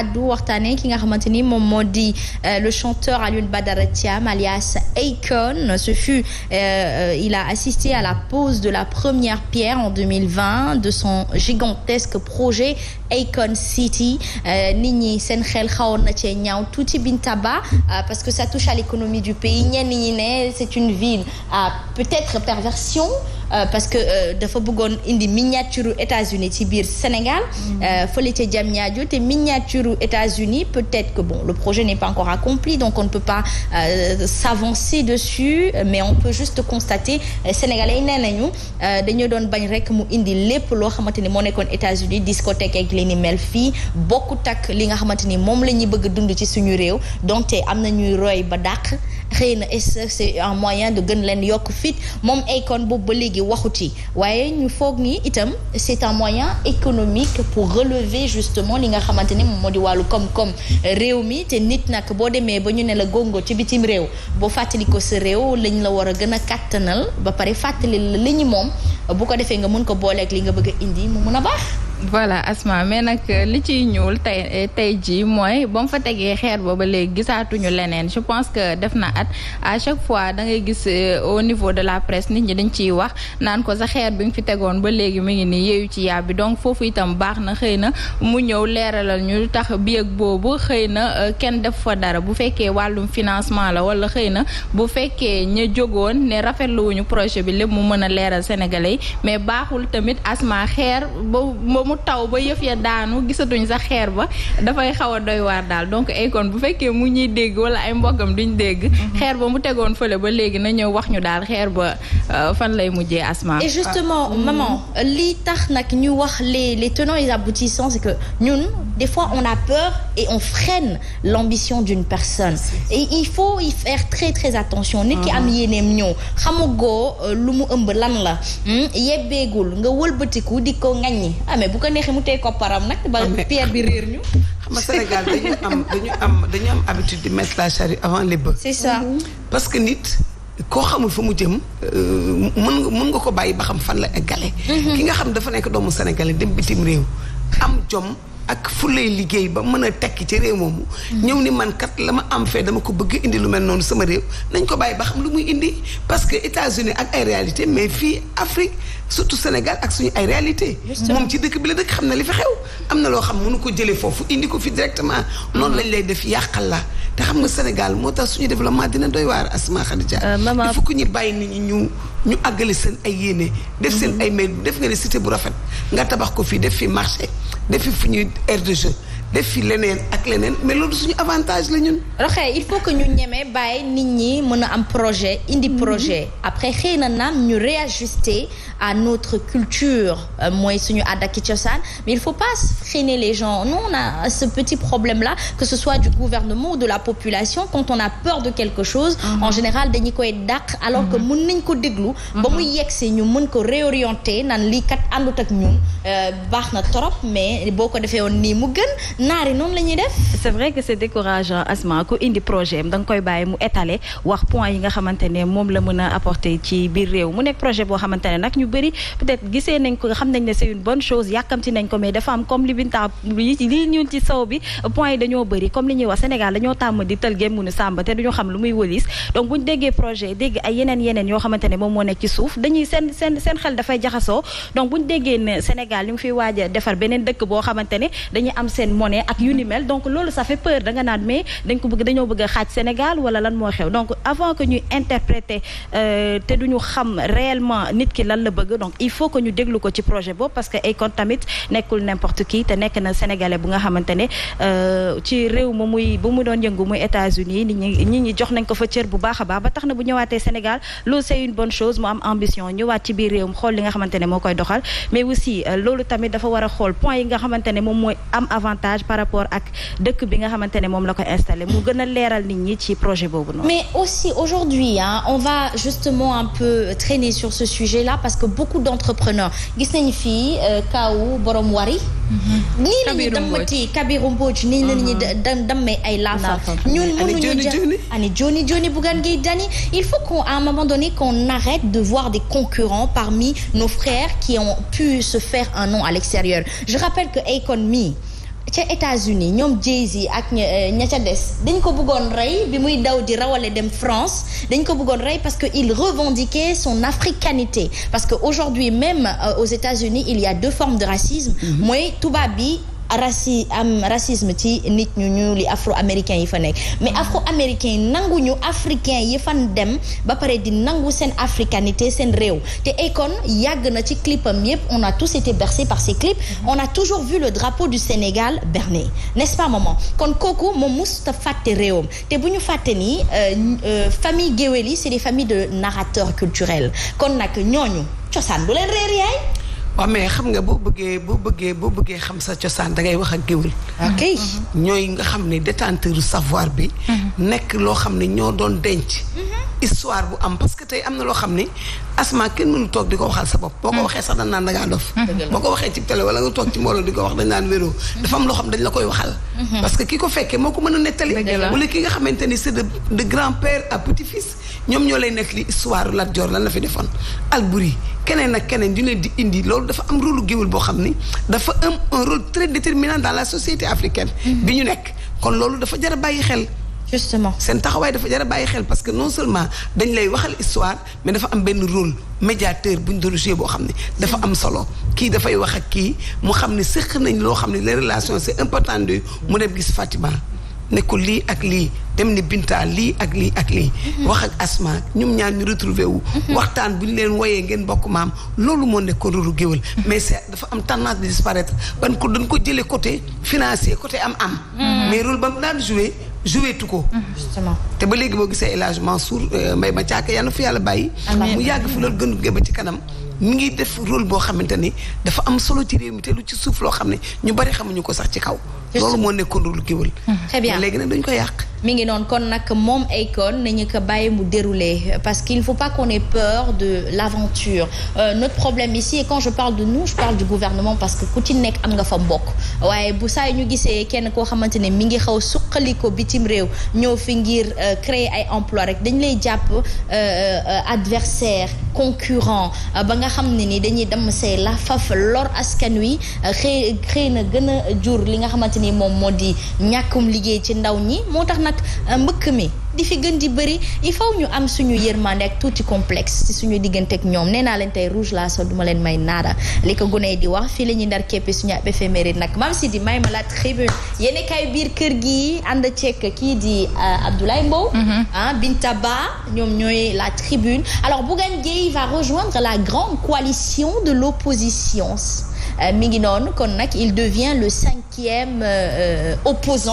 addu waxtaanee ki nga xamante ni moom moo di euh, le chanteur Alioune Badara Thiam alias Akon ce fut euh, il a assisté à la pose de la première pierre en 2020 de son gigantesque projet Akon City euh, nit ñi seen xel xawoon na cee ñaaw tuuti Bintaba euh, parce que ça touche à l'économie du pays ñenn ñi ne c'est une ville à peut-être perversion Euh, parce que euh, dafa bëggoon indi miniature États-Unis ci biir Sénégal mm. euh, fële ca Diamniadio te miniature États-Unis peut-être que bon le projet n'est pas encore accompli donc on ne peut pas s'avancer dessus mais on peut juste constater Sénégalais yi nee nañu dañoo doon bañ rek mu indi lépp loo xamante ni moo nekkoon États-Unis discothèque ak li ni mel fii bokkut ak li nga xamante ni moom la ñuy bëgg dund ci suñu réew donte am na ñuy roy ba dàq xëy na c'est un moyen de gën leen yokk fit moom Akon boobu ba waxu ci waaye ñu foog nii itam c'est un moyen économique pour relever justement li nga xamante ni moom moo di wàllu koom-koom réew mi te nit nag boo demee ba ñu ne la gongo ci bitim réew boo fàttali ko sa réew lañ la war a gën a kàttanal ba pare fàttali la li ñu moom bu ko defee nga mën ko booleeg li nga bëgg a indi mu mën a baax voilà Asma mais nag euh, li ciy ñuul tey euh, tey jii mooy ba mu fa tegee xeer ba ba léegi gisaatuñu leneen je pense que def na at à chaque fois da ngay gis euh, au niveau de la presse nit ñi dañ ciy wax naan ko sa xeer bi nga fi tegoon ba léegi mu ngi nii yeeyu ci bi donc foofu itam baax na xëy na mu ñëw leeralal ñu tax bieg boobu xëy na kenn def fa dara bu fekkee wàllum financement la wala xëy na bu fekkee ña jógoon ne rafetluwuñu projet bi lépp mu mën a leeral sénégalais mu taw ba yëf ya daanu gisatuñ sax xeer ba dafay xaw a doy waar daal donc Akon bu fekkee mu ñuy dégg wala ay mbokkam duñ dégg. Mhm. xeer ba mu tegoon fële ba léegi na ñëw wax ñu daal xeer ba euh, fan lay mujjee asma. et justement ah. maman li tax nag ñu wax les les tenants et les aboutissants c'est que ñun des fois on a peur et on freine l'ambition d'une personne. il faut y faire très très attention. nit ki am mhm. yéeneem ñëw goo euh, lu mu ëmb lan la. Hmm? yebbeegul nga wëlbatiku di ko ŋaññi amee ah, ko neexee mu tey kopparam nag. ba pierre bi réer ñu. xam Sénégal dañu am dañu am dañu am habitude de mettre la charrue avant les bœufs. c'est mm-hmm. parce que nit koo xamul fa mu jëm. Euh, mën nga mën nga ko bàyyi ba xam fan la gale. Mm-hmm. ki nga xam dafa nekk doomu sénégalais dem bitim réew. am jom. ak fu liggéey ba mën a tekki ci réew moomu. Mm-hmm. ñëw ni man kat la ma am fee dama ko bëgg indi lu mel noonu sama réew nañ ko bàyyi ba xam lu muy indi parce que États-Unis ak ay réalité mais fii Afrique surtout Sénégal ak suñu ay réalité moom ci dëkk bi la dëkk xam na li fi xew am na loo xam munu ko jëlee foofu indi ko fi directement mm-hmm. noonu lañ lay def yàqal la te xam nga Sénégal moo tax suñu développement dina doy waar Asma Khadija euh, il faut que ñu bàyyi nit ñi ñu ñu àggale seen ay yéene def seen mm-hmm. ay mel def nga ne cité bu rafet nga tabax ko fii def fi marché def fi fu ñuy aire de jeu def fi leneen ak leneen mais loolu suñu avantage la ñun. roxee il faut que ñu ñemee bàyyi nit ñi mën a am projet indi mhm. projet après xëy na naam ñu réajuster à notre culture euh, mooy suñu aada ak cosaan mais il faut pas freiner les gens nous on a ce petit problème là que ce soit du gouvernement ou de la population quand on a peur de quelque chose. Mhm. en général dañu koy dàq. alors que mhm. mën nañ ko déglu. ba muy yegsee ñu mën ko réorienter naan lii kat àndut ak ñun euh, baax na trop mais boo ko defee woon nii mu gën. naar yi noonu la ñuy def. c' est vrai que c' est décourageant Asma ku indi projet am koy bàyyi mu étaler wax point yi nga xamante moom la mën a apporter ci biir réew mu nekk projet boo xamante ne xam nañ ne c' est une bonne chose yàkkamti nañ ko mais dafa am comme li binta li li ñuul ci saw moom moo nekk ci suuf dañuy seen seen xel dafay jaxasoo donc buñ déggee ne Sénégal ñu ngi fiy waaj a defar beneen dëkk boo xamante ne dañuy am seen noonee ak yu ni mel donc loolu ça fait peur da nga naan mais dañ ko bëgg dañoo bëgg a xaaj Sénégal wala lan moo xew donc avant que ñuy interpréter euh, te duñu xam réellement nit ki lan la bëgg donc il faut que ñu déglu ko ci projet boobu parce que Akon tamit nekkul n'importe qui te nekk na sénégalais bu nga xamante ne euh, ci réew ma muy bu mu doon yëngu muy États-Unis nit ñi ñi jox nañ ko fa cër bu baax a baax ba tax na bu ñëwaatee Sénégal loolu c'est une bonne chose mu am ambition ñëwaat ci biir xool li nga xamante ne moo koy doxal euh, loolu tamit dafa war a xool point yi nga xamante ne moom mooy am avantage par rapport ak dëkk bi nga xamante ne moom la ko installé mu gën a leeral nit ñi ci projet boobu noonu. mais aussi aujourd'hui ah on va justement un peu traîner sur ce sujet là parce que beaucoup d'entrepreneurs gis nañu fii euh, kaw borom wari. Mm-hmm. nii la ñuy dammati Kabiru Mbodj nii la ñuy mm-hmm. dammee ay laafa. ñun na jël ani Johnny Johnny Bougane Gueye Dany il faut qu'on à un moment donné qu'on arrête de voir des concurrents parmi nos frères qui ont pu se faire un nom à l'extérieur je rappelle que Akon mi ca États-Unis ñoom Jay-Z ak euh, ña ca des dañ ko bëggoon rey bi muy daw di rawale dem France dañ ko bëggoon rey parce que il revendiquait son africanité parce que aujourd'hui même euh, aux États-Unis il y a deux formes de racisme mm-hmm. mooy tubaab bi raci am racisme ci nit ñu ñu li afro américain yi fa nekk mais afro américain yi nanguñu africain yi fan dem ba pare di nangu seen africanité seen réew te kon yàgg na ci clipam yëpp on a tous été bercés par ces clips mm-hmm. on a toujours vu le drapeau du Sénégal berné n'est-ce pas maman kon kooku moom ta fàtte réewam te bu ñu fàtte ni euh, euh, famille géwél yi c'est des familles de narrateurs culturels kon nag ñooñu cosaan bu leen réer yaay waaw mais xam nga boo bëggee boo bëggee boo bëggee xam sa cosaan dangay wax ak géwél ok mhm. ñooy nga xam ne détenteur savoir bi mhm. nekk loo xam ne ñoo doon denc mhm. histoire bu am parce tey am na loo xam ne asma kenn mënu toog di ko waxal sa bopp boo ko waxee sax dangaa dof boo ko waxee ci télé wala nga toog ci mbooloo di ko wax dañ naan wéroo dafa am loo xam dañ la koy waxal parce ki ko fekkee moo ko mën a nettali wala ki nga xamante ni c'est de grand-père à petit ñoom ñoo lay nekk li histoire la Joor lan la fi defoon Alburi keneen ak keneen ñu leen di indi loolu dafa am rôle géwél boo xam ni dafa am un rôle très déterminant dans la société africaine mm-hmm. bi ñu nekk kon loolu dafa jar bàyyi xel justement seen taxawaay dafa jar a bàyyi xel parce que non seulement dañ lay waxal histoire mais dafa am benn rôle médiateur buñ ñu doon boo xam ne dafa am solo kii dafay wax ak kii mu xam ne séq nañ loo xam ne les relations c'est important mu dem gis Fatima ne ko lii ak lii dem ne Binta lii ak lii ak lii. Mhm. wax ak asma ñoom ñaar ñu retrouvé wu. Mhm. waxtaan bu ñu leen woyee ngeen bokk maam loolu moo nekk rôle géwél mhm. mais c'est dafa am tendance de ban ko dañ ko jëlee côté financier côté am-am. mais rôle ba mu daan joué jouetu tu ko. te ba léegi boo gisee El Hadj Mansour euh, Mbaye Mathiaaka yal na fi yàlla bàyyi. mu yàgg fi loolu gën a ba ci kanam. mi ngi def rôle boo xamante ni dafa am solo ci réew mi te lu ci suuf loo xam ne ñu bari xamuñu ko sax ci kaw. loolu moo nekkoon rôle Gueweul. Hmm, très bien léegi nag dañu ko yàq. mi ngi noonu kon nag moom ay Akon ñu ko bàyyi mu dérouler parce qu'il ne faut pas qu'on ait peur de l'aventure euh, notre problème ici et quand je parle de nous je parle du gouvernement parce que ku ci nekk am nga fa mbokk waaye bu saa ñu gisee kenn koo xamante ne mi ngi xaw suqali ko bitim réew ñëw fi ngir euh, créer ay emploi rek dañ lay jàpp euh, euh, adversaire concurrent euh, ba nga xam ne ni dañuy dem see la faf lor askan wi euh, xëy xëy na gën a jur li nga xamante ni moom moo di ñàkkum liggéey ci ndaw ñi moo tax nag euh, mbëkk mi di fi gën di bëri il faut ñu am suñu yërmande ak tuuti complexe si suñu diggante ñoom nee naa leen tey rouge laa sol duma leen may naara li ko gune di wax fii la ñuy ndar képp suñu ab éphéméride nag maam si di may ma la tribune yéen kay biir kër gi ànd ceek kii di euh, Abdoulaye Mbow. Mhm. ah Binta Ba ñoom ñooy la tribune alors Bougane Gueye va rejoindre la grande coalition de l'opposition euh, mi ngi noonu kon nag il devient le cinquième euh, euh opposant